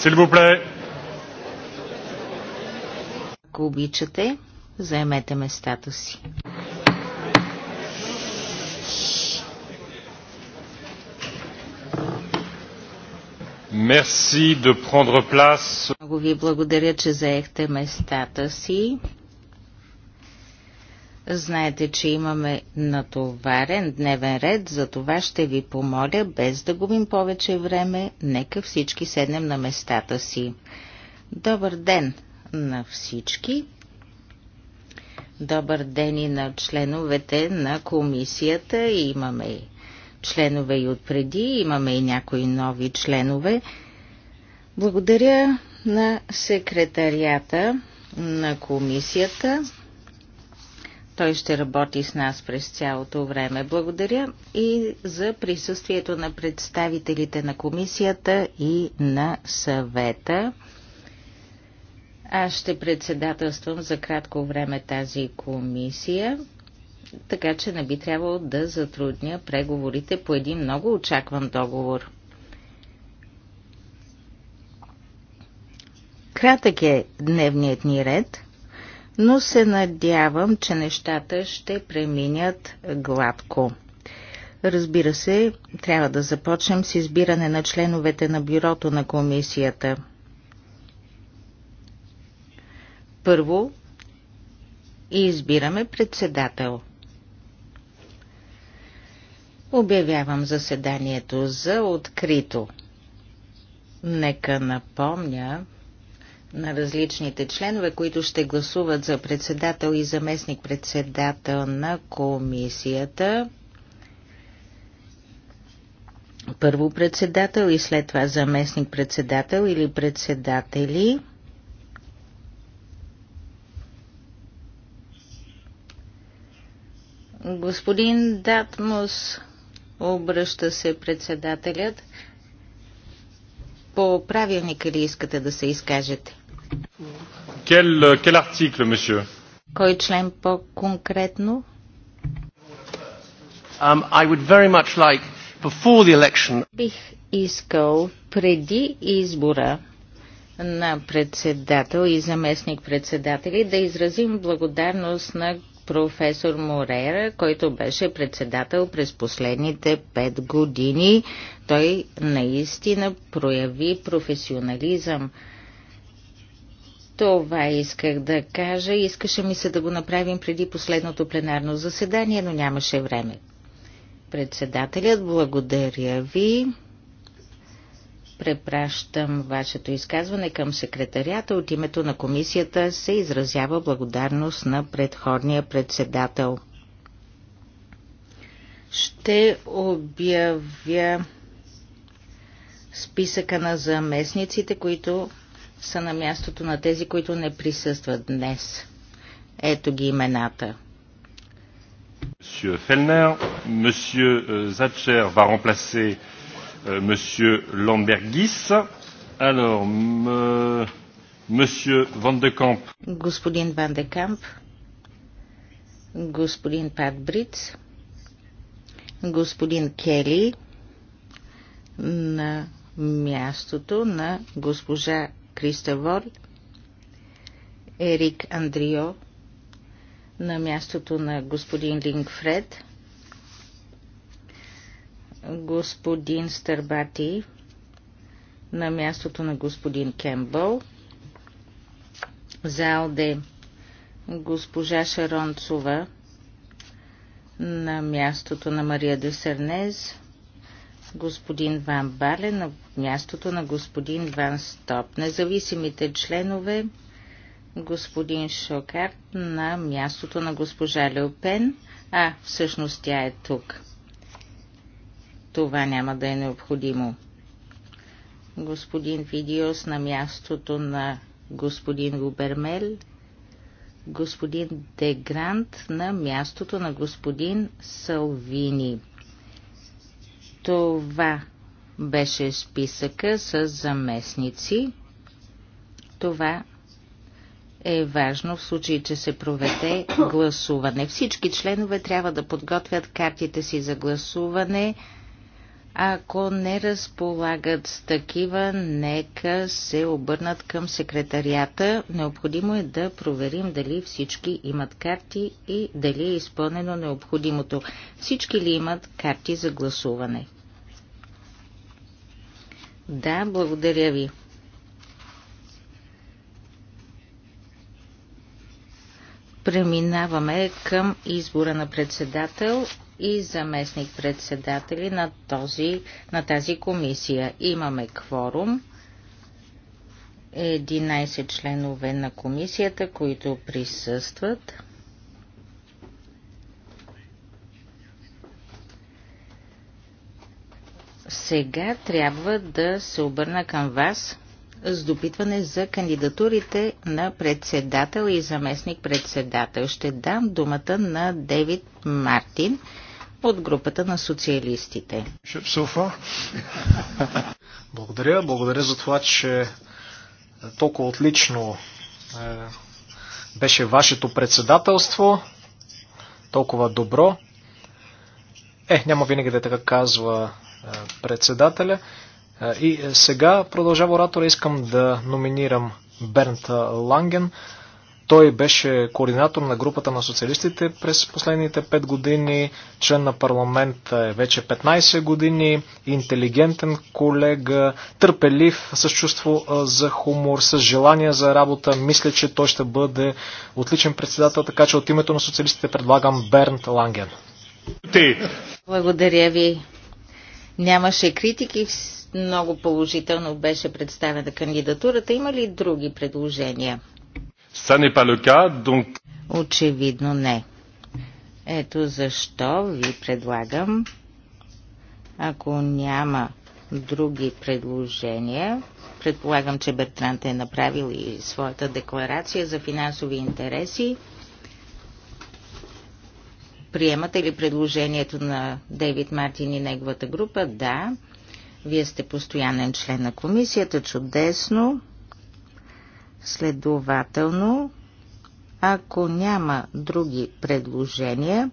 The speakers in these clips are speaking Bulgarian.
S'il vous plaît. Ако обичате, заемете местата си. Merci de prendre place. Много ви благодаря, че заехте местата си. Знаете, че имаме натоварен дневен ред, за това ще ви помоля, без да губим повече време, нека всички седнем на местата си. Добър ден на всички! Добър ден и на членовете на комисията. Имаме и членове и отпреди, имаме и някои нови членове. Благодаря на секретарията на комисията той ще работи с нас през цялото време. Благодаря и за присъствието на представителите на комисията и на съвета. Аз ще председателствам за кратко време тази комисия, така че не би трябвало да затрудня преговорите по един много очакван договор. Кратък е дневният ни ред – но се надявам, че нещата ще преминят гладко. Разбира се, трябва да започнем с избиране на членовете на бюрото на комисията. Първо избираме председател. Обявявам заседанието за открито. Нека напомня, на различните членове, които ще гласуват за председател и заместник-председател на комисията. Първо председател и след това заместник-председател или председатели. Господин Датмус обръща се председателят. По правилника ли искате да се изкажете? Quel, euh, quel article, monsieur? Кой член по-конкретно? Um, I would very much like, before the election... Бих искал преди избора на председател и заместник председатели да изразим благодарност на професор Морера, който беше председател през последните пет години. Той наистина прояви професионализъм това исках да кажа. Искаше ми се да го направим преди последното пленарно заседание, но нямаше време. Председателят, благодаря ви. Препращам вашето изказване към секретарята. От името на комисията се изразява благодарност на предходния председател. Ще обявя списъка на заместниците, които са на мястото на тези, които не присъстват днес. Ето ги имената. Monsieur Фелнер, Monsieur Зачер э, va remplacer euh, Monsieur Lambergis. Alors, me, euh, Monsieur Van de Kamp. Господин Ван де Камп, господин Пат Бриц, господин Кели на мястото на госпожа Вор, Ерик Андрио на мястото на господин Лингфред, господин Стърбати на мястото на господин Кембъл, Залде госпожа Шаронцова на мястото на Мария Десернез, господин Ван Бале на мястото на господин Ван Стоп. Независимите членове господин Шокарт на мястото на госпожа Леопен. А, всъщност тя е тук. Това няма да е необходимо. Господин Видиос на мястото на господин Губермел. Господин Дегрант на мястото на господин Салвини. Това беше списъка с заместници. Това е важно в случай, че се проведе гласуване. Всички членове трябва да подготвят картите си за гласуване ако не разполагат с такива, нека се обърнат към секретарията. Необходимо е да проверим дали всички имат карти и дали е изпълнено необходимото. Всички ли имат карти за гласуване? Да, благодаря ви. Преминаваме към избора на председател и заместник-председатели на, този, на тази комисия. Имаме кворум. 11 членове на комисията, които присъстват. Сега трябва да се обърна към вас с допитване за кандидатурите на председател и заместник председател. Ще дам думата на Девид Мартин, от групата на социалистите. Благодаря, благодаря за това, че толкова отлично е, беше вашето председателство, толкова добро. Е, няма винаги да е така казва е, председателя. Е, и сега продължава оратора, искам да номинирам Бернт Ланген той беше координатор на групата на социалистите през последните 5 години, член на парламент е вече 15 години, интелигентен колега, търпелив, с чувство за хумор, с желание за работа. Мисля, че той ще бъде отличен председател, така че от името на социалистите предлагам Бернт Ланген. Благодаря ви. Нямаше критики, много положително беше представена кандидатурата. Има ли други предложения? Очевидно не. Ето защо ви предлагам, ако няма други предложения, предполагам, че Бертрант е направил и своята декларация за финансови интереси, приемате ли предложението на Дейвид Мартин и неговата група? Да. Вие сте постоянен член на комисията. Чудесно. Следователно, ако няма други предложения,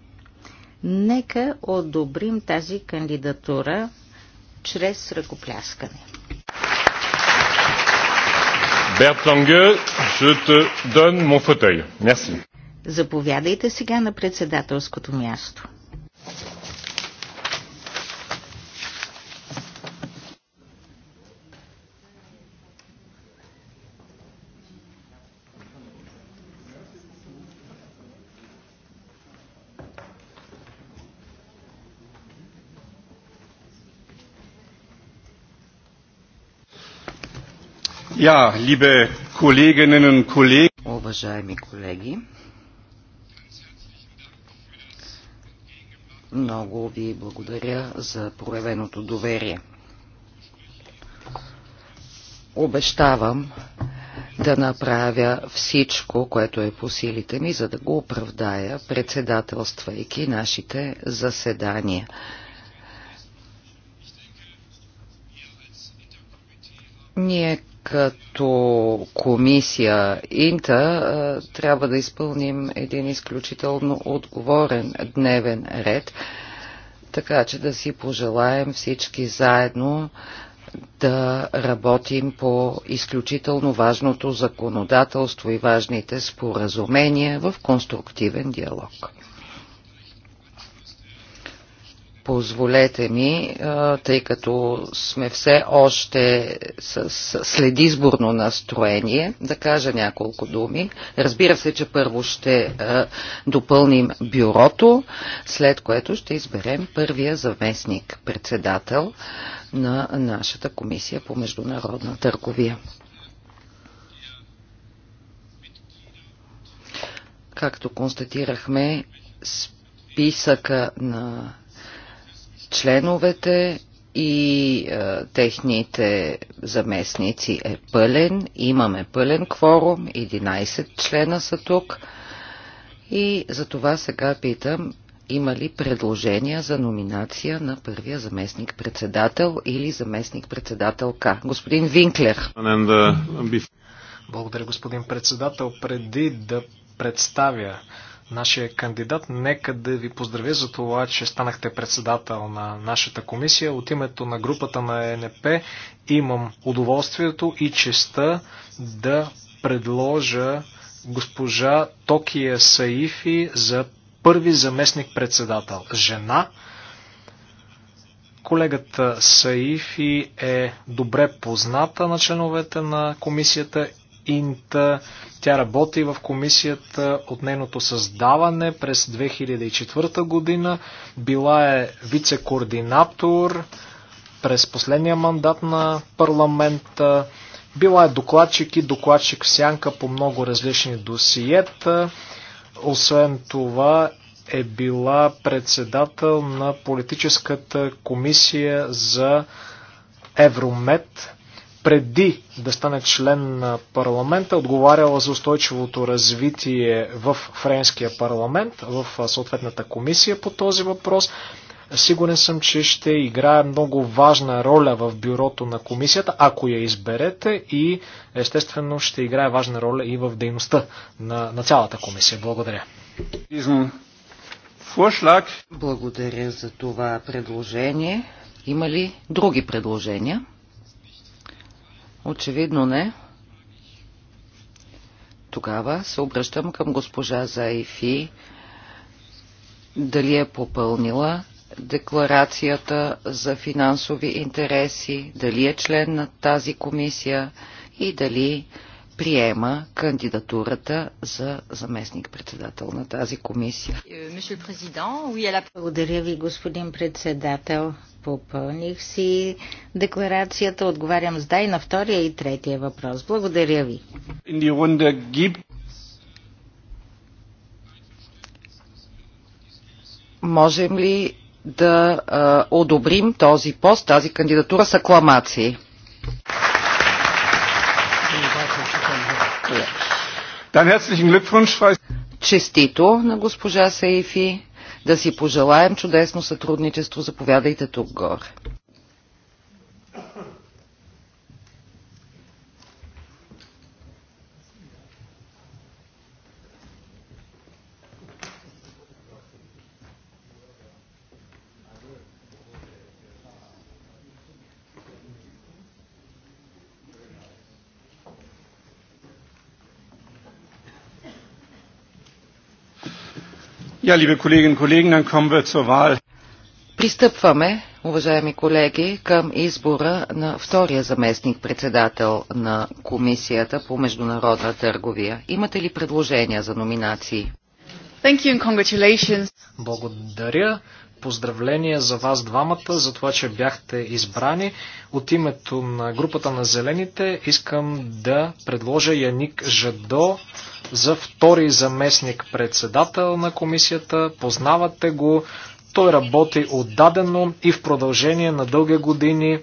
нека одобрим тази кандидатура чрез ръкопляскане. Заповядайте сега на председателското място. Ja, liebe Kolleginnen und Kollegen. Уважаеми колеги, много ви благодаря за проявеното доверие. Обещавам да направя всичко, което е по силите ми, за да го оправдая, председателствайки нашите заседания. Ние като комисия Инта трябва да изпълним един изключително отговорен дневен ред, така че да си пожелаем всички заедно да работим по изключително важното законодателство и важните споразумения в конструктивен диалог. Позволете ми, тъй като сме все още с следизборно настроение, да кажа няколко думи. Разбира се, че първо ще допълним бюрото, след което ще изберем първия заместник председател на нашата комисия по международна търговия. Както констатирахме, списъка на членовете и е, техните заместници е пълен. Имаме пълен кворум, 11 члена са тук. И за това сега питам, има ли предложения за номинация на първия заместник-председател или заместник-председателка? Господин Винклер. Uh, Благодаря, господин председател. Преди да представя нашия кандидат. Нека да ви поздравя за това, че станахте председател на нашата комисия. От името на групата на ЕНП имам удоволствието и честа да предложа госпожа Токия Саифи за първи заместник председател. Жена. Колегата Саифи е добре позната на членовете на комисията Инта. Тя работи в комисията от нейното създаване през 2004 година. Била е вице-координатор през последния мандат на парламента. Била е докладчик и докладчик в сянка по много различни досиета. Освен това е била председател на политическата комисия за Евромед преди да стане член на парламента, отговаряла за устойчивото развитие в Френския парламент, в съответната комисия по този въпрос. Сигурен съм, че ще играе много важна роля в бюрото на комисията, ако я изберете и естествено ще играе важна роля и в дейността на, на цялата комисия. Благодаря. Благодаря за това предложение. Има ли други предложения? Очевидно не. Тогава се обръщам към госпожа Зайфи. Дали е попълнила декларацията за финансови интереси, дали е член на тази комисия и дали приема кандидатурата за заместник-председател на тази комисия. Благодаря ви, господин председател. Попълних си декларацията. Отговарям с да и на втория и третия въпрос. Благодаря ви. Можем ли да а, одобрим този пост, тази кандидатура с акламации? Честито на госпожа Сейфи. Да си пожелаем чудесно сътрудничество. Заповядайте тук горе. Ja, liebe Kolleginnen und Kollegen, dann kommen wir zur Wahl. Пристъпваме, уважаеми колеги, към избора на втория заместник-председател на Комисията по международна търговия. Имате ли предложения за номинации? Thank you and congratulations. Благодаря. Поздравления за вас двамата, за това, че бяхте избрани. От името на групата на зелените искам да предложа Яник Жадо за втори заместник председател на комисията. Познавате го. Той работи отдадено и в продължение на дълги години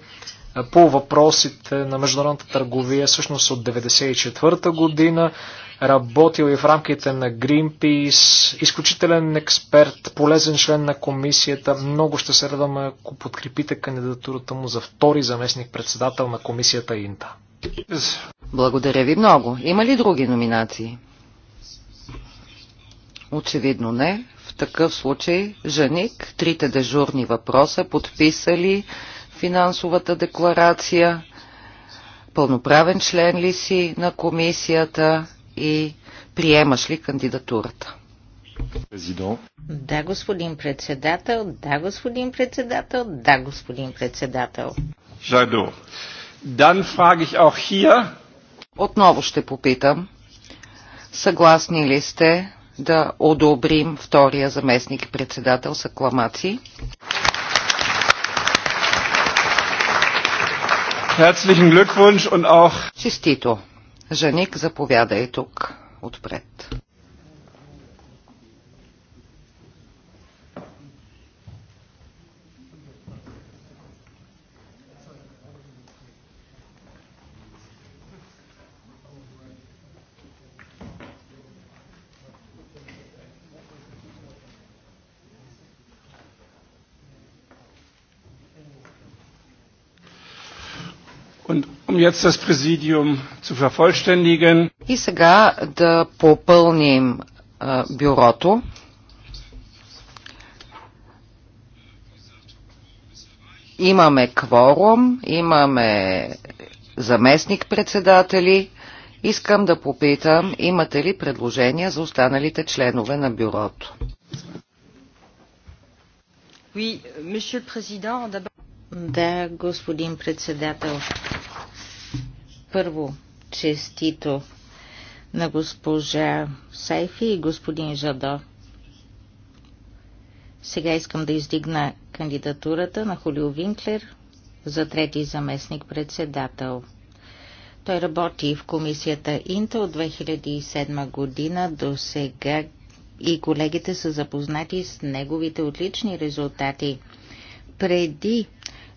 по въпросите на международната търговия, всъщност от 1994 година работил и в рамките на Greenpeace, изключителен експерт, полезен член на комисията. Много ще се радваме, ако подкрепите кандидатурата му за втори заместник председател на комисията Инта. Благодаря ви много. Има ли други номинации? Очевидно не. В такъв случай Жаник, трите дежурни въпроса, подписали финансовата декларация, пълноправен член ли си на комисията, и приемаш ли кандидатурата? Президент. Да, господин председател, да, господин председател, да, господин председател. Жадо. Дан frage ich auch hier. Отново ще попитам. Съгласни ли сте да одобрим втория заместник председател с акламации? Herzlichen Glückwunsch und auch Честито заповяда заповядай тук отпред. Um И сега да попълним бюрото. Имаме кворум, имаме заместник-председатели. Искам да попитам, имате ли предложения за останалите членове на бюрото? Да, господин председател. Първо, честито на госпожа Сайфи и господин Жадо. Сега искам да издигна кандидатурата на Холио Винклер за трети заместник-председател. Той работи в комисията Инта от 2007 година до сега и колегите са запознати с неговите отлични резултати. Преди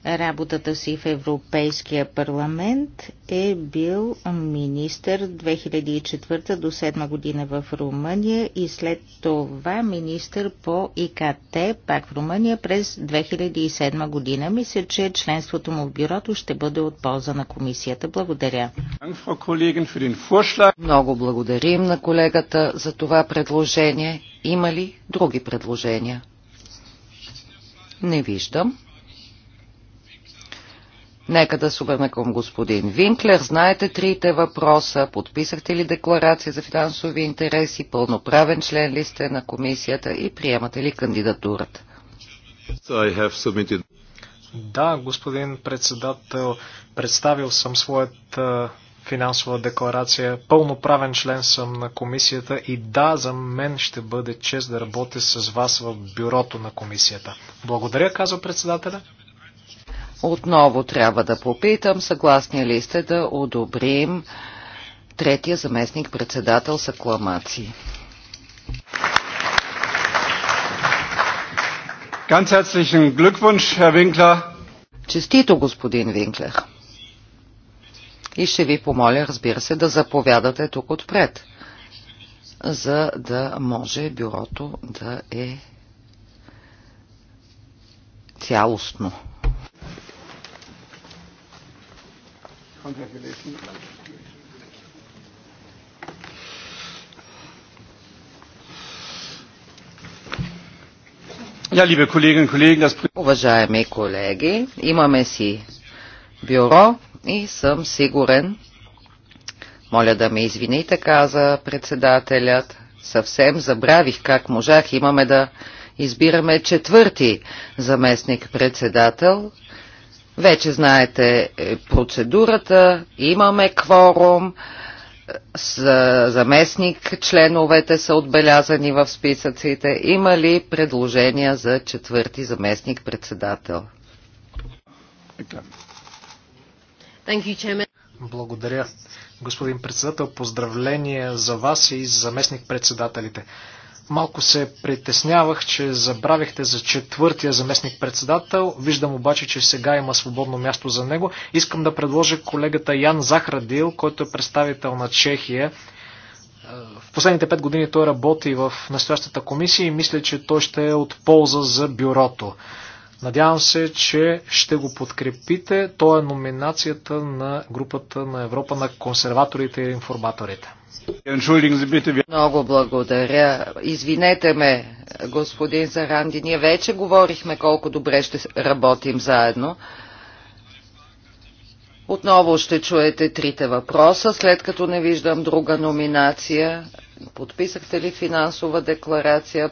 работата си в Европейския парламент е бил министър 2004 до 7 година в Румъния и след това министър по ИКТ пак в Румъния през 2007 година. Мисля, че членството му в бюрото ще бъде от полза на комисията. Благодаря. Много благодарим на колегата за това предложение. Има ли други предложения? Не виждам. Нека да се обърна към господин Винклер. Знаете трите въпроса. Подписахте ли декларация за финансови интереси? Пълноправен член ли сте на комисията и приемате ли кандидатурата? Да, господин председател, представил съм своята финансова декларация. Пълноправен член съм на комисията и да, за мен ще бъде чест да работя с вас в бюрото на комисията. Благодаря, казва председателя. Отново трябва да попитам, съгласни ли сте да одобрим третия заместник председател с акламации. Ganz herzlichen Glückwunsch, Herr Winkler. Честито, господин Винклер. И ще ви помоля, разбира се, да заповядате тук отпред, за да може бюрото да е цялостно. Congratulations. Ja, liebe Kolleginnen und Kollegen, das... Уважаеми колеги, имаме си бюро и съм сигурен, моля да ме извините, каза председателят, съвсем забравих как можах, имаме да избираме четвърти заместник председател, вече знаете е, процедурата, имаме кворум, е, заместник членовете са отбелязани в списъците. Има ли предложения за четвърти заместник председател? Благодаря. Господин председател, поздравления за вас и заместник председателите. Малко се притеснявах, че забравихте за четвъртия заместник председател. Виждам обаче, че сега има свободно място за него. Искам да предложа колегата Ян Захрадил, който е представител на Чехия. Е, в последните пет години той работи в настоящата комисия и мисля, че той ще е от полза за бюрото. Надявам се, че ще го подкрепите. То е номинацията на групата на Европа на консерваторите и информаторите. Много благодаря. Извинете ме, господин Заранди. Ние вече говорихме колко добре ще работим заедно. Отново ще чуете трите въпроса, след като не виждам друга номинация подписахте ли финансова декларация,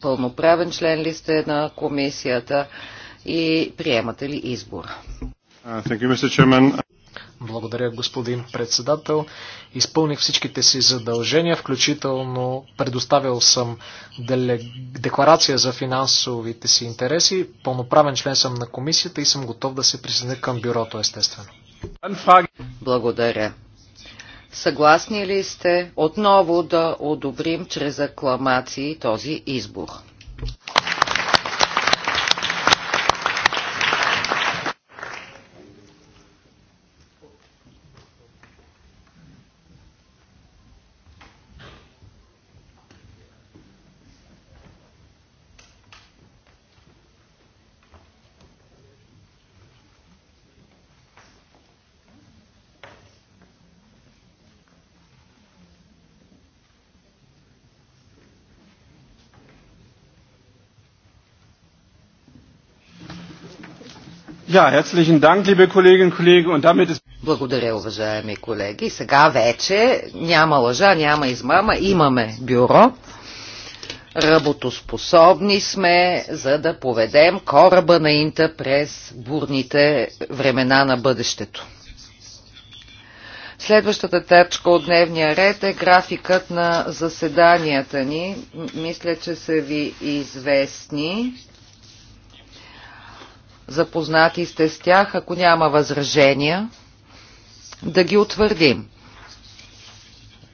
пълноправен член ли сте на комисията и приемате ли избор? Uh, Благодаря, господин председател. Изпълних всичките си задължения, включително предоставил съм декларация за финансовите си интереси. Пълноправен член съм на комисията и съм готов да се присъединя към бюрото, естествено. Благодаря. Съгласни ли сте отново да одобрим чрез акламации този избор? Благодаря, уважаеми колеги. Сега вече няма лъжа, няма измама, имаме бюро. Работоспособни сме, за да поведем кораба на Инта през бурните времена на бъдещето. Следващата точка от дневния ред е графикът на заседанията ни. Мисля, че са ви известни запознати сте с тях, ако няма възражения, да ги утвърдим.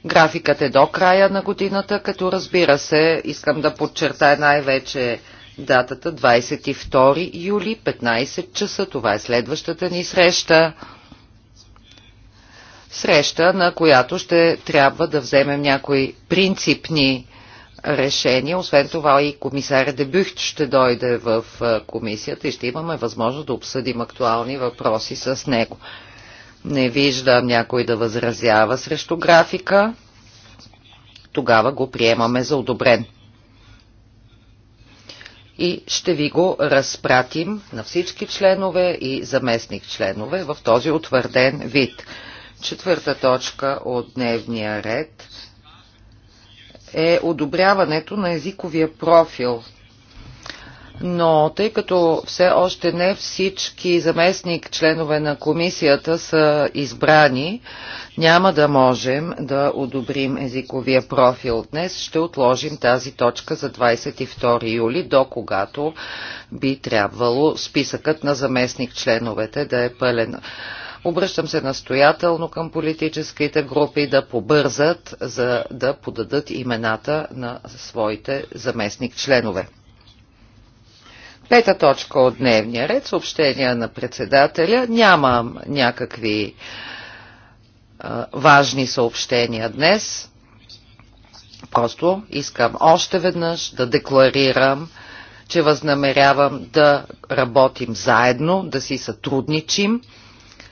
Графикът е до края на годината, като разбира се, искам да подчертая най-вече датата 22 юли, 15 часа. Това е следващата ни среща. Среща, на която ще трябва да вземем някои принципни решение. Освен това и комисаря Дебюхт ще дойде в комисията и ще имаме възможност да обсъдим актуални въпроси с него. Не виждам някой да възразява срещу графика. Тогава го приемаме за одобрен. И ще ви го разпратим на всички членове и заместник членове в този утвърден вид. Четвърта точка от дневния ред – е одобряването на езиковия профил. Но тъй като все още не всички заместник членове на комисията са избрани, няма да можем да одобрим езиковия профил. Днес ще отложим тази точка за 22 юли, до когато би трябвало списъкът на заместник членовете да е пълен. Обръщам се настоятелно към политическите групи да побързат, за да подадат имената на своите заместник членове. Пета точка от дневния ред, съобщения на председателя. Нямам някакви а, важни съобщения днес. Просто искам още веднъж да декларирам, че възнамерявам да работим заедно, да си сътрудничим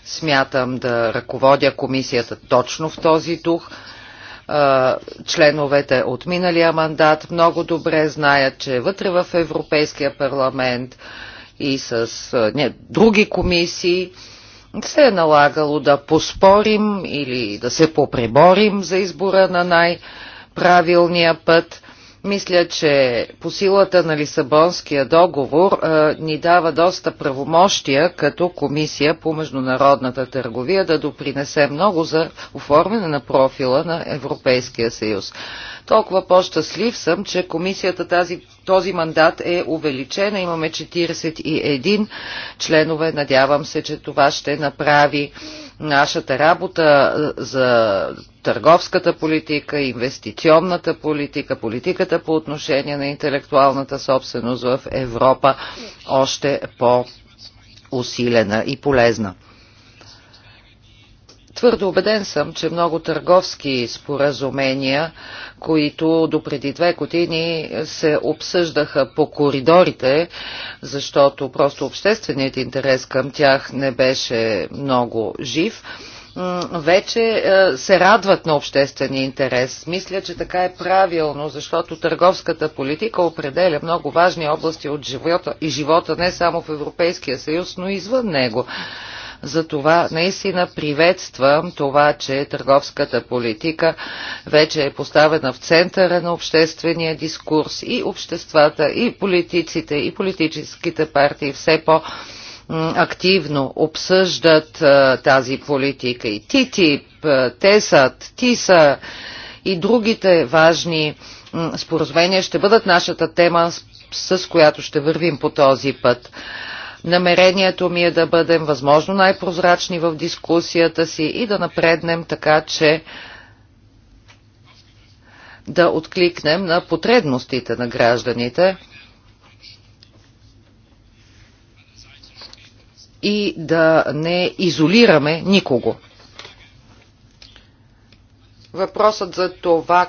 Смятам да ръководя комисията точно в този дух. Членовете от миналия мандат много добре знаят, че вътре в Европейския парламент и с не, други комисии се е налагало да поспорим или да се попреборим за избора на най-правилния път. Мисля, че по силата на Лисабонския договор а, ни дава доста правомощия като комисия по международната търговия да допринесе много за оформяне на профила на Европейския съюз. Толкова по-щастлив съм, че комисията тази, този мандат е увеличена. Имаме 41 членове. Надявам се, че това ще направи нашата работа за търговската политика, инвестиционната политика, политиката по отношение на интелектуалната собственост в Европа още по-усилена и полезна. Твърдо убеден съм, че много търговски споразумения, които до преди две години се обсъждаха по коридорите, защото просто общественият интерес към тях не беше много жив, вече е, се радват на обществения интерес. Мисля, че така е правилно, защото търговската политика определя много важни области от живота и живота не само в Европейския съюз, но и извън него. Затова наистина приветствам това, че търговската политика вече е поставена в центъра на обществения дискурс и обществата, и политиците, и политическите партии все по- активно обсъждат тази политика и ТИТИП, ТЕСАТ, ТИСА и другите важни споразумения ще бъдат нашата тема, с която ще вървим по този път. Намерението ми е да бъдем възможно най-прозрачни в дискусията си и да напреднем така, че да откликнем на потребностите на гражданите и да не изолираме никого. Въпросът за това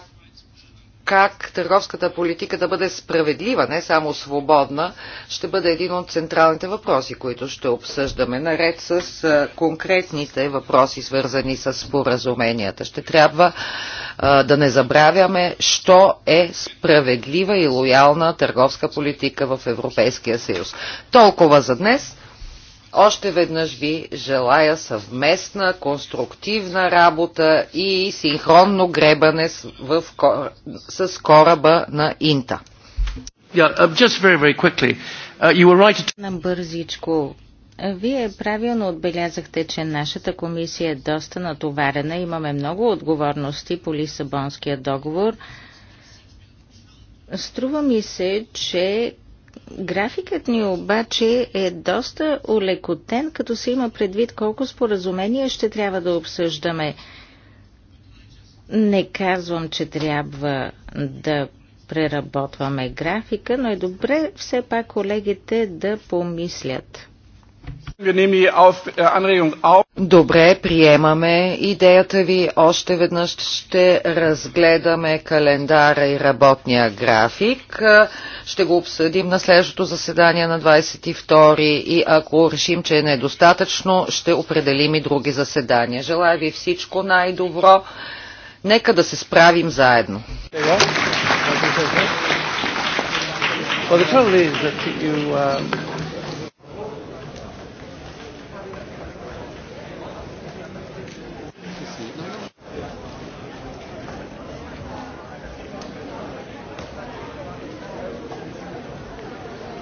как търговската политика да бъде справедлива, не само свободна, ще бъде един от централните въпроси, които ще обсъждаме, наред с конкретните въпроси, свързани с споразуменията. Ще трябва а, да не забравяме, що е справедлива и лоялна търговска политика в Европейския съюз. Толкова за днес. Още веднъж ви желая съвместна, конструктивна работа и синхронно гребане с, в, с кораба на Инта. Uh, uh, Набързичко. Вие правилно отбелязахте, че нашата комисия е доста натоварена. Имаме много отговорности по Лисабонския договор. Струва ми се, че Графикът ни обаче е доста улекотен, като се има предвид колко споразумения ще трябва да обсъждаме. Не казвам, че трябва да преработваме графика, но е добре все пак колегите да помислят. Äh, Добре, приемаме идеята ви. Още веднъж ще разгледаме календара и работния график. Ще го обсъдим на следващото заседание на 22 и ако решим, че е недостатъчно, ще определим и други заседания. Желая ви всичко най-добро. Нека да се справим заедно. Well, the trouble is that you, uh...